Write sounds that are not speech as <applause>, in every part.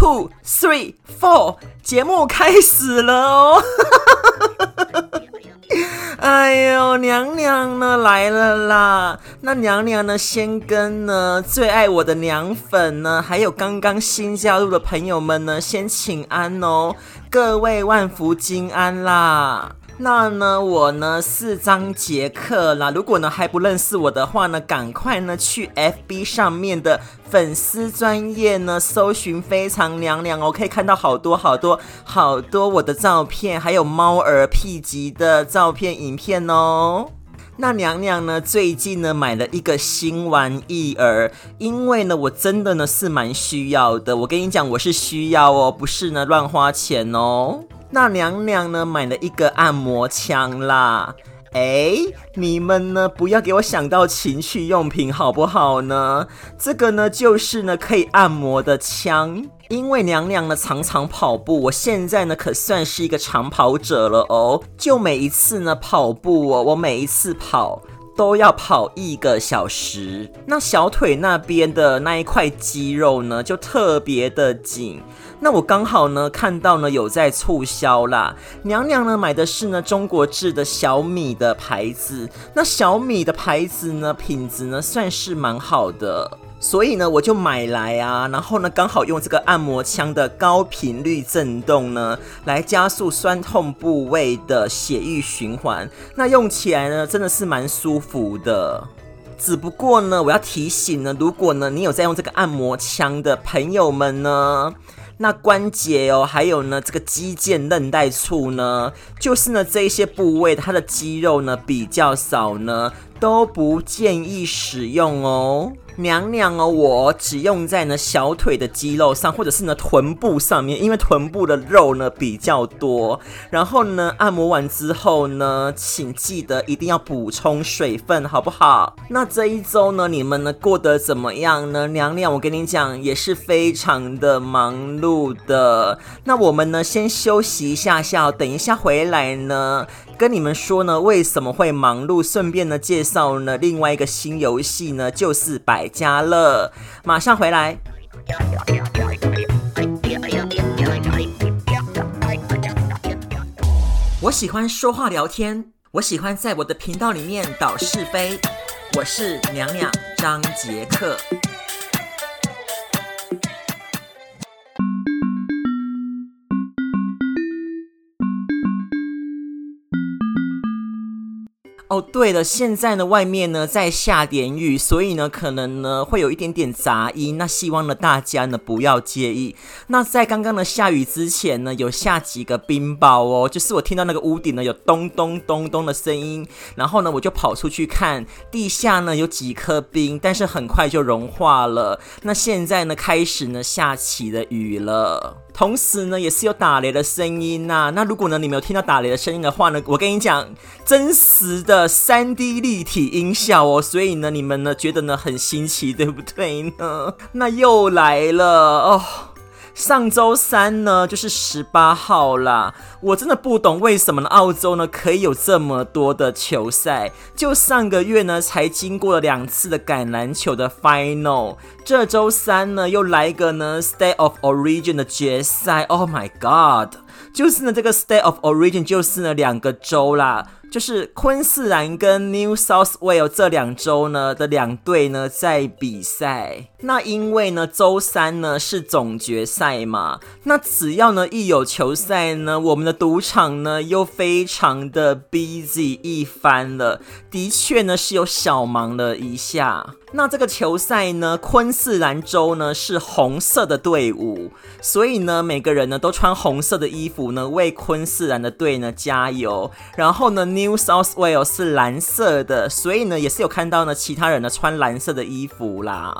Two, three, four，節目開始了哦！ <laughs> 哎呦，娘娘呢來了啦！那娘娘呢，先跟呢最愛我的娘粉呢，還有剛剛新加入的朋友們呢，先請安哦！各位萬福金安啦！那呢，我呢是張傑克啦。如果呢還不認識我的話呢，趕快呢去 FB 上面的粉絲專頁呢搜尋“非常娘娘”哦，可以看到好多好多好多我的照片，還有貓兒屁級的照片影片哦。那娘娘呢最近呢買了一個新玩意兒，因為呢我真的呢是蠻需要的。我跟你講，我是需要哦，不是呢亂花錢哦。那娘娘呢，買了一個按摩槍啦。哎、欸，你們呢，不要給我想到情趣用品好不好呢？這個呢，就是呢可以按摩的槍。因為娘娘呢常常跑步，我現在呢可算是一個長跑者了哦。就每一次呢跑步哦，我每一次跑。都要跑一個小時，那小腿那邊的那一塊肌肉呢，就特別的緊。那我剛好呢看到呢有在促銷啦，娘娘呢買的是呢中國製的小米的牌子，那小米的牌子呢品質呢算是蠻好的。所以呢，我就買來啊，然後呢，剛好用這個按摩槍的高頻率震動呢，來加速酸痛部位的血液循環。那用起來呢，真的是蠻舒服的。只不過呢，我要提醒呢，如果呢你有在用這個按摩槍的朋友們呢，那關節哦，還有呢這個肌腱韌帶處呢，就是呢這一些部位，它的肌肉呢比較少呢，都不建議使用哦。娘娘哦，我只用在呢小腿的肌肉上，或者是呢臀部上面，因為臀部的肉呢比較多。然後呢，按摩完之後呢，請記得一定要補充水分，好不好？那這一周呢，你們呢過得怎麼樣呢？娘娘，我跟你講，也是非常的忙碌的。那我們呢，先休息一下下，等一下回來呢。跟你們說呢，為什麼會忙碌？順便呢，介紹呢另外一個新遊戲呢，就是百家樂。馬上回來。我喜歡說話聊天，我喜歡在我的頻道裡面道是非。我是娘娘張杰克。哦、oh，對了，現在呢，外面呢在下點雨，所以呢，可能呢會有一點點雜音，那希望呢大家呢不要介意。那在剛剛呢下雨之前呢，有下幾個冰雹哦，就是我聽到那個屋頂呢有咚咚咚咚的聲音，然後呢我就跑出去看，地下呢有幾顆冰，但是很快就融化了。那現在呢開始呢下起了雨了。同時呢，也是有打雷的聲音吶、啊。那如果呢，你沒有聽到打雷的聲音的話呢，我跟你講，真實的 3D 立體音效哦。所以呢，你們呢覺得呢很新奇，對不對呢？那又來了哦。上週三呢，就是十八號啦。我真的不懂為什麼澳洲呢可以有這麼多的球賽。就上個月呢，才經過了兩次的橄欖球的 final，這週三呢又來個呢 State of Origin 的決賽。Oh my god！就是呢，這個 State of Origin 就是呢兩個州啦，就是昆士蘭跟 New South Wales 這兩州呢的兩隊呢在比賽。那因為呢周三呢是總決賽嘛，那只要呢一有球賽呢，我們的賭場呢又非常的 busy 一番了。的確呢是有小忙了一下。那這個球賽呢，昆士蘭州呢是紅色的隊伍，所以呢每個人呢都穿紅色的衣服。服呢為昆士蘭的隊呢加油，然後呢 New South Wales 是藍色的，所以呢也是有看到呢其他人呢穿藍色的衣服啦。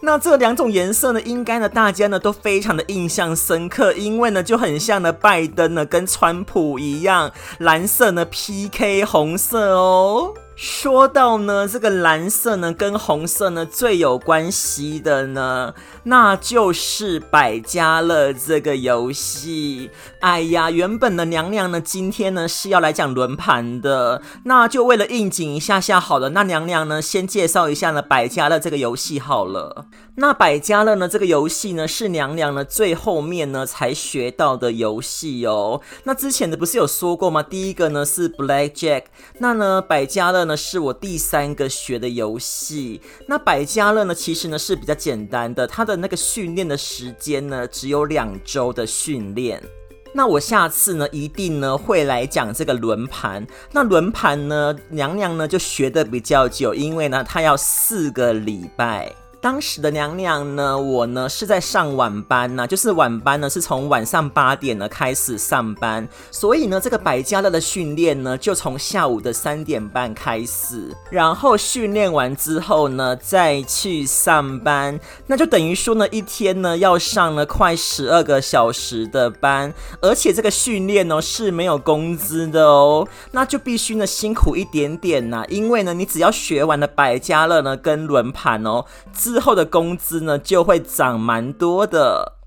那這兩種顏色呢，應該呢大家呢都非常的印象深刻，因為呢就很像呢拜登呢跟川普一樣，藍色呢 PK 紅色哦。說到呢，這個藍色呢跟紅色呢最有關係的呢，那就是百家樂這個遊戲。哎呀，原本呢娘娘呢，今天呢是要來講輪盤的,那就為了應景一下下好了。那娘娘呢，先介紹一下呢百家樂這個遊戲好了。那百家樂呢這個遊戲呢，是娘娘呢最後面呢才學到的遊戲哦。那之前的不是有說過嗎？第一個呢是 Black Jack，那呢百家樂。那是我第三個學的遊戲。那百家樂呢，其實呢是比較簡單的，它的那個訓練的時間呢只有兩周的訓練。那我下次呢一定呢會來講這個輪盤。那輪盤呢，娘娘呢就學得比較久，因為呢她要四個禮拜。當時的娘娘呢，我呢是在上晚班呢、啊，就是晚班呢是從晚上八點呢開始上班，所以呢，這個百家樂的訓練呢就從下午的三點半開始，然後訓練完之後呢再去上班，那就等於說呢，一天呢要上了快十二個小時的班，而且這個訓練呢是沒有工資的哦，那就必須呢辛苦一點點吶、啊，因為呢，你只要學完了百家樂呢跟輪盤哦，之後的工資呢，就會漲蠻多的。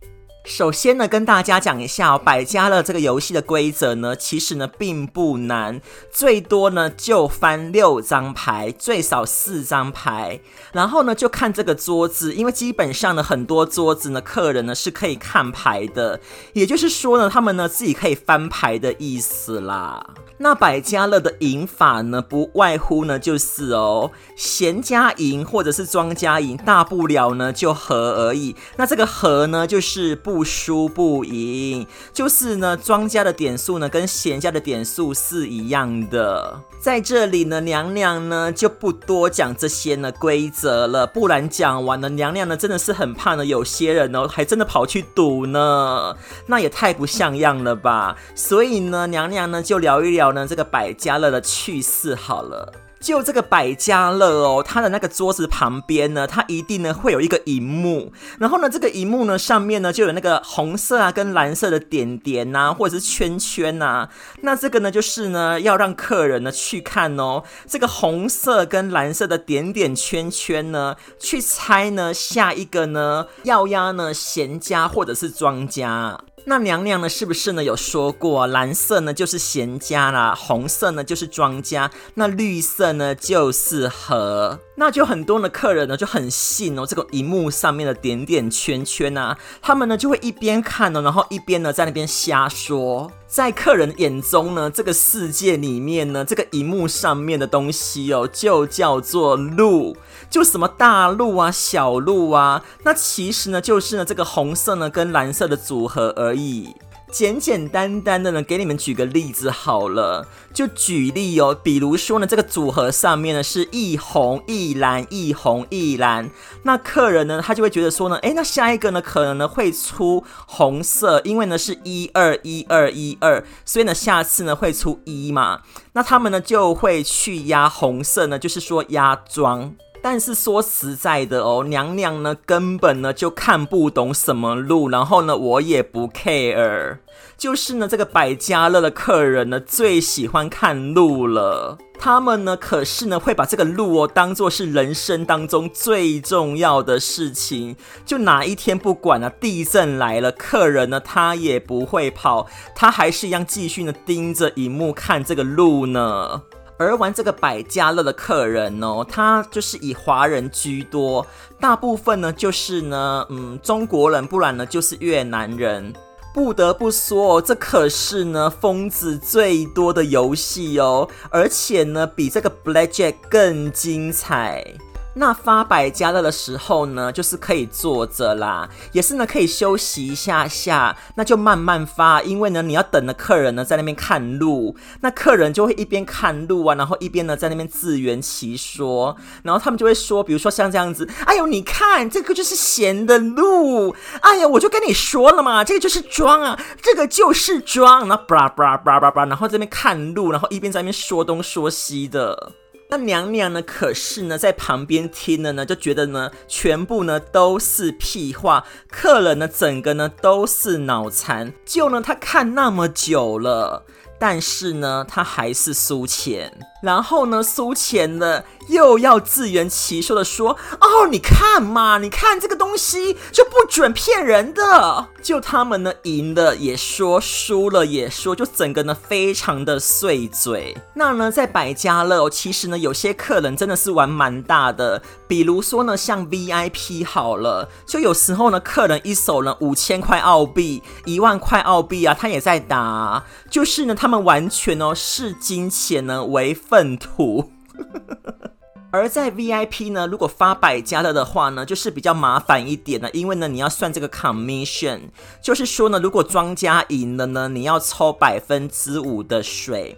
首先呢，跟大家講一下哦，百家樂這個遊戲的規則呢，其實呢並不難，最多呢就翻六張牌，最少四張牌，然後呢就看這個桌子，因為基本上呢很多桌子呢，客人呢是可以看牌的，也就是說呢，他們呢自己可以翻牌的意思啦。那百家樂的贏法呢，不外乎呢就是哦，閒家贏或者是莊家贏，大不了呢就和而已。那這個和呢，就是不。不輸不贏，就是呢，莊家的點數呢跟閒家的點數是一樣的。在這裡呢，娘娘呢就不多講這些呢規則了，不然講完了，娘娘呢真的是很怕呢有些人哦，還真的跑去賭呢，那也太不像樣了吧。所以呢，娘娘呢就聊一聊呢這個百家樂的趣事好了。就這個百家樂哦，它的那個桌子旁邊呢，它一定呢會有一個螢幕，然後呢這個螢幕呢上面呢就有那個紅色啊跟藍色的點點啊，或者是圈圈啊，那這個呢就是呢要讓客人呢去看哦，這個紅色跟藍色的點點圈圈呢去猜呢下一個呢要押呢閒家或者是莊家。那娘娘呢？是不是呢？有說過、啊、藍色呢就是閒家啦；紅色呢就是莊家，那綠色呢就是和。那就很多的客人呢就很信哦，這個螢幕上面的點點圈圈啊，他們呢就會一邊看哦，然後一邊呢在那邊瞎說。在客人眼中呢，這個世界裡面呢，這個熒幕上面的東西哦、喔，就叫做路，就什麼大路啊、小路啊，那其實呢，就是呢這個紅色呢跟藍色的組合而已。簡簡單單單的呢，給你們舉個例子好了，就舉例哦。比如說呢，這個組合上面呢是一紅一藍一紅一藍，那客人呢他就會覺得說呢，誒，那下一個呢可能呢會出紅色，因為呢是一二一二一二，所以呢下次呢會出一嘛，那他們呢就會去壓紅色呢，就是說壓莊。但是說實在的哦，娘娘呢根本呢就看不懂什麼路，然後呢我也不 care。就是呢這個百家樂的客人呢最喜歡看路了，他們呢可是呢會把這個路哦當做是人生當中最重要的事情。就哪一天不管了、啊，地震來了，客人呢他也不會跑，他還是一樣繼續呢盯着螢幕看這個路呢。而玩這個百家樂的客人哦，他就是以華人居多，大部分呢就是呢，嗯，中國人，不然呢就是越南人。不得不說哦，這可是呢瘋子最多的遊戲哦，而且呢比這個 Blackjack 更精彩。那發百家樂的時候呢，就是可以坐着啦，也是呢可以休息一下下，那就慢慢發，因為呢你要等着客人呢在那邊看路，那客人就會一邊看路啊，然後一邊呢在那邊自圓其說，然後他們就會說，比如說像這樣子，哎喲你看這個就是閒的路，哎呀我就跟你說了嘛，這個就是莊啊，這個就是莊，然後叭叭叭叭叭，然後這邊看路，然後一邊在那邊說東說西的。那娘娘呢？可是呢，在旁邊聽了呢，就覺得呢，全部呢都是屁話。客人呢，整個呢都是腦殘。就呢，他看那麼久了，但是呢，他還是輸錢。然後呢，輸錢呢又要自圓其說的說哦，你看嘛，你看這個東西就不準騙人的。就他們呢贏了也說，輸了也說，就整個呢非常的碎嘴。那呢在百家樂哦，其實呢有些客人真的是玩蠻大的，比如說呢像 VIP 好了，就有時候呢客人一手呢五千塊澳幣、一萬塊澳幣啊，他也在打啊，就是呢他們完全呢、哦、視金錢呢為。糞土， <laughs> 而在 VIP 呢，如果發百家樂的話呢，就是比較麻煩一點了。因為呢，你要算這個 commission，就是說呢，如果莊家贏了呢，你要抽百分之五的水，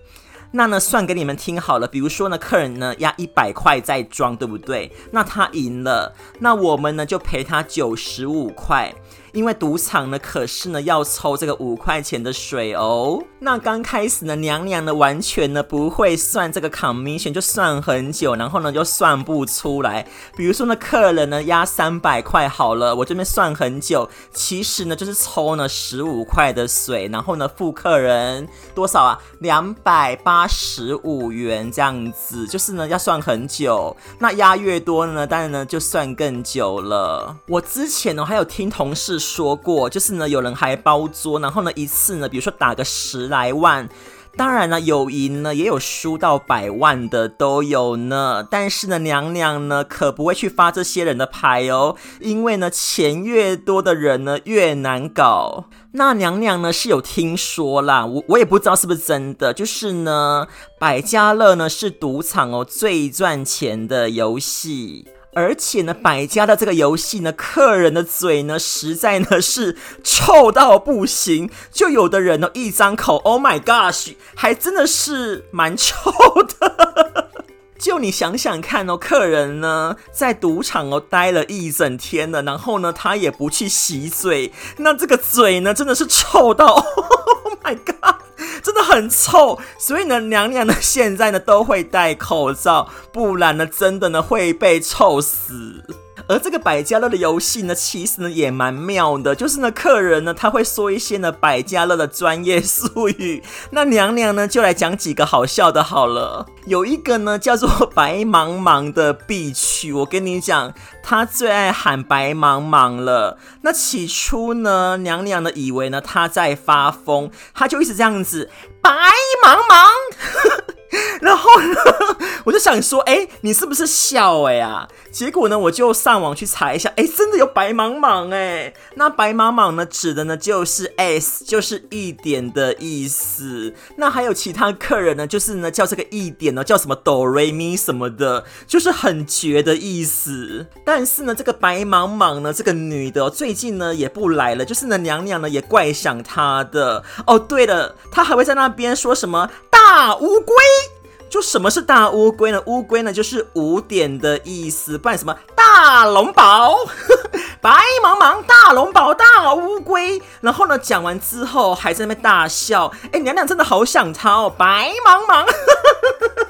那呢，算給你們聽好了，比如說呢，客人呢壓一百塊在莊，對不對？那他贏了，那我們呢就賠他九十五塊。因為賭場呢，可是呢要抽這個五塊錢的水哦。那剛開始呢，娘娘呢完全呢不會算這個 commission，就算很久，然後呢就算不出來。比如說呢，客人呢壓三百塊好了，我這邊算很久，其實呢就是抽呢十五塊的水，然後呢付客人多少啊？兩百八十五元這樣子，就是呢要算很久。那壓越多呢，當然呢就算更久了。我之前呢還有聽同事說。說過，就是呢，有人還包桌，然後呢，一次呢，比如說打個十來萬，當然呢，有贏呢，也有輸到百萬的都有呢。但是呢，娘娘呢，可不會去發這些人的牌哦，因為呢，錢越多的人呢，越難搞。那娘娘呢是有聽說啦，我我也不知道是不是真的，就是呢，百家樂呢是賭場哦最賺錢的遊戲。而且呢，百家的這個遊戲呢，客人的嘴呢，實在呢是臭到不行。就有的人呢，一張口，Oh my gosh，還真的是蠻臭的。 <laughs> 就你想想看哦，客人呢在賭場哦待了一整天了，然後呢他也不去洗嘴，那這個嘴呢真的是臭到 Oh my god。真的很臭，所以呢，娘娘呢現在呢都會戴口罩，不然呢，真的呢會被臭死。而這個百家樂的遊戲呢，其實呢也蠻妙的，就是呢客人呢他會說一些呢百家樂的專業術語，那娘娘呢就來講幾個好笑的好了。有一個呢叫做白茫茫的 b 區，我跟你講，他最愛喊白茫茫了。那起初呢，娘娘呢以為呢他在發瘋，他就一直這樣子白茫茫。 <laughs> <laughs> 然後呢， <laughs> 我就想說，哎、欸，你是不是笑哎、欸、啊？結果呢，我就上網去查一下，哎、欸，真的有白茫茫哎、欸。那白茫茫呢，指的呢就是 s 就是一、e、點的意思。那還有其他客人呢，就是呢叫這個一、e、點哦，叫什麼 do re mi 什麼的，就是很絕的意思。但是呢，這個白茫茫呢，這個女的、哦、最近呢也不來了，就是呢娘娘呢也怪想她的。哦，對了，她還會在那邊說什麼？大烏龜，就什麼是大烏龜呢？烏龜呢就是五點的意思。不然什麼大龍寶， <laughs> 白茫茫大龍寶大烏龜。然後呢講完之後還在那邊大笑。哎、欸，娘娘真的好想她哦，白茫茫。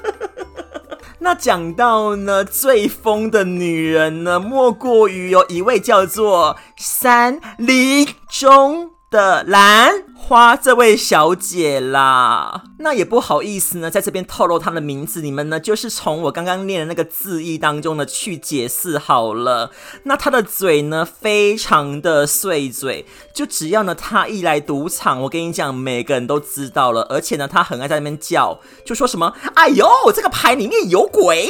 <laughs> 那講到呢最瘋的女人呢，莫過於有一位叫做三林中。的蘭花這位小姐啦，那也不好意思呢，在這邊透露她的名字，你們呢就是從我剛剛念的那個字義當中呢，去解釋好了。那她的嘴呢非常的碎嘴，就只要呢她一來賭場，我跟你講，每個人都知道了，而且呢她很愛在那邊叫，就說什麼“哎呦，這個牌裡面有鬼”。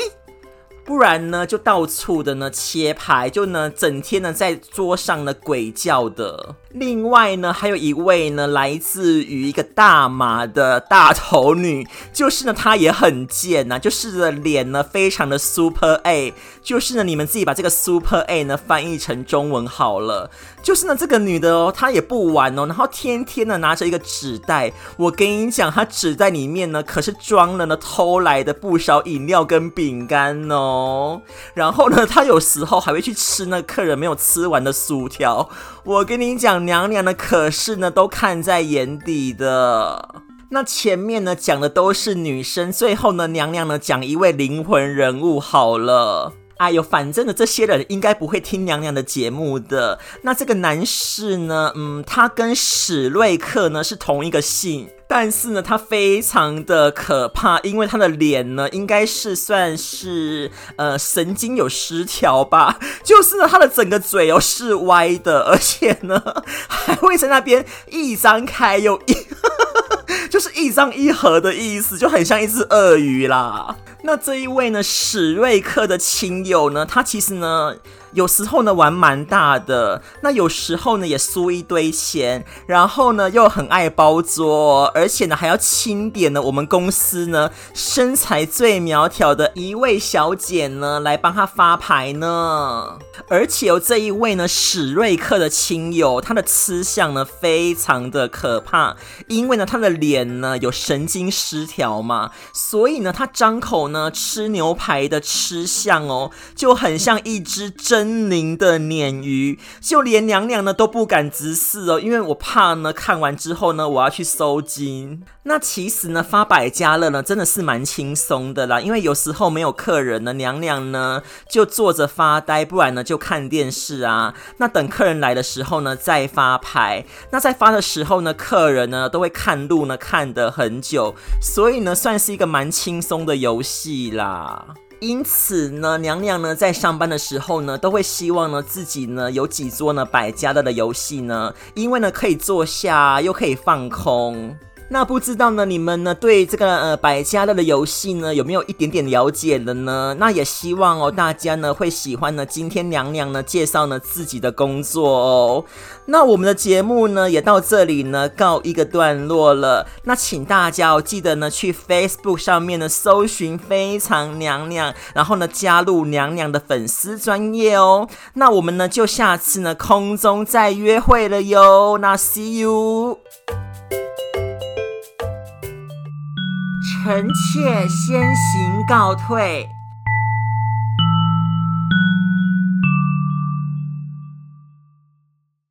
不然呢，就到處的呢切牌，就呢整天呢在桌上呢鬼叫的。另外呢，還有一位呢，來自於一個大馬的大頭女，就是呢她也很賤吶啊，就是的臉呢非常的 super A，就是呢你們自己把這個 super A 呢翻譯成中文好了。就是呢，這個女的哦，她也不玩哦，然後天天的拿着一個紙袋。我跟你講，她紙袋裡面呢，可是裝了呢偷來的不少飲料跟餅乾哦。然後呢，她有時候還會去吃那客人沒有吃完的薯條。我跟你講，娘娘呢，可是呢都看在眼底的。那前面呢講的都是女生，最後呢娘娘呢講一位靈魂人物好了。哎呦，反正呢這些人應該不會聽娘娘的節目的。那這個男士呢，嗯，他跟史瑞克呢是同一個姓，但是呢他非常的可怕，因為他的臉呢應該是算是呃神經有失調吧，就是呢他的整個嘴哦是歪的，而且呢還會在那邊一張開又一。就是一張一合的意思，就很像一隻鱷魚啦。那這一位呢，史瑞克的親友呢，他其實呢。有時候呢玩蠻大的，那有時候呢也輸一堆錢，然後呢又很愛包桌，哦，而且呢還要欽點呢我們公司呢身材最苗條的一位小姐呢來幫她發牌呢，而且有、哦、這一位呢史瑞克的親友，他的吃相呢非常的可怕，因為呢他的臉呢有神經失調嘛，所以呢他張口呢吃牛排的吃相哦就很像一隻針。森林的鯰魚，就連娘娘呢都不敢直視哦，因為我怕呢，看完之後呢，我要去收金。那其實呢，發百家樂呢，真的是蠻輕鬆的啦，因為有時候沒有客人呢，娘娘呢就坐着發呆，不然呢就看電視啊。那等客人來的時候呢，再發牌。那在發的時候呢，客人呢都會看路呢，看得很久，所以呢，算是一個蠻輕鬆的遊戲啦。因此呢，娘娘呢在上班的時候呢，都會希望呢自己呢有幾桌呢百家樂的遊戲呢，因為呢可以坐下又可以放空。那不知道呢，你們呢對這個呃百家樂的遊戲呢有沒有一點點了解了呢？那也希望哦大家呢會喜歡呢今天娘娘呢介紹呢自己的工作哦。那我們的節目呢也到這裡呢告一個段落了。那請大家哦記得呢去 Facebook 上面呢搜尋非常娘娘，然後呢加入娘娘的粉絲專頁哦。那我們呢就下次呢空中再約會了喲。那 See you。臣妾先行告退。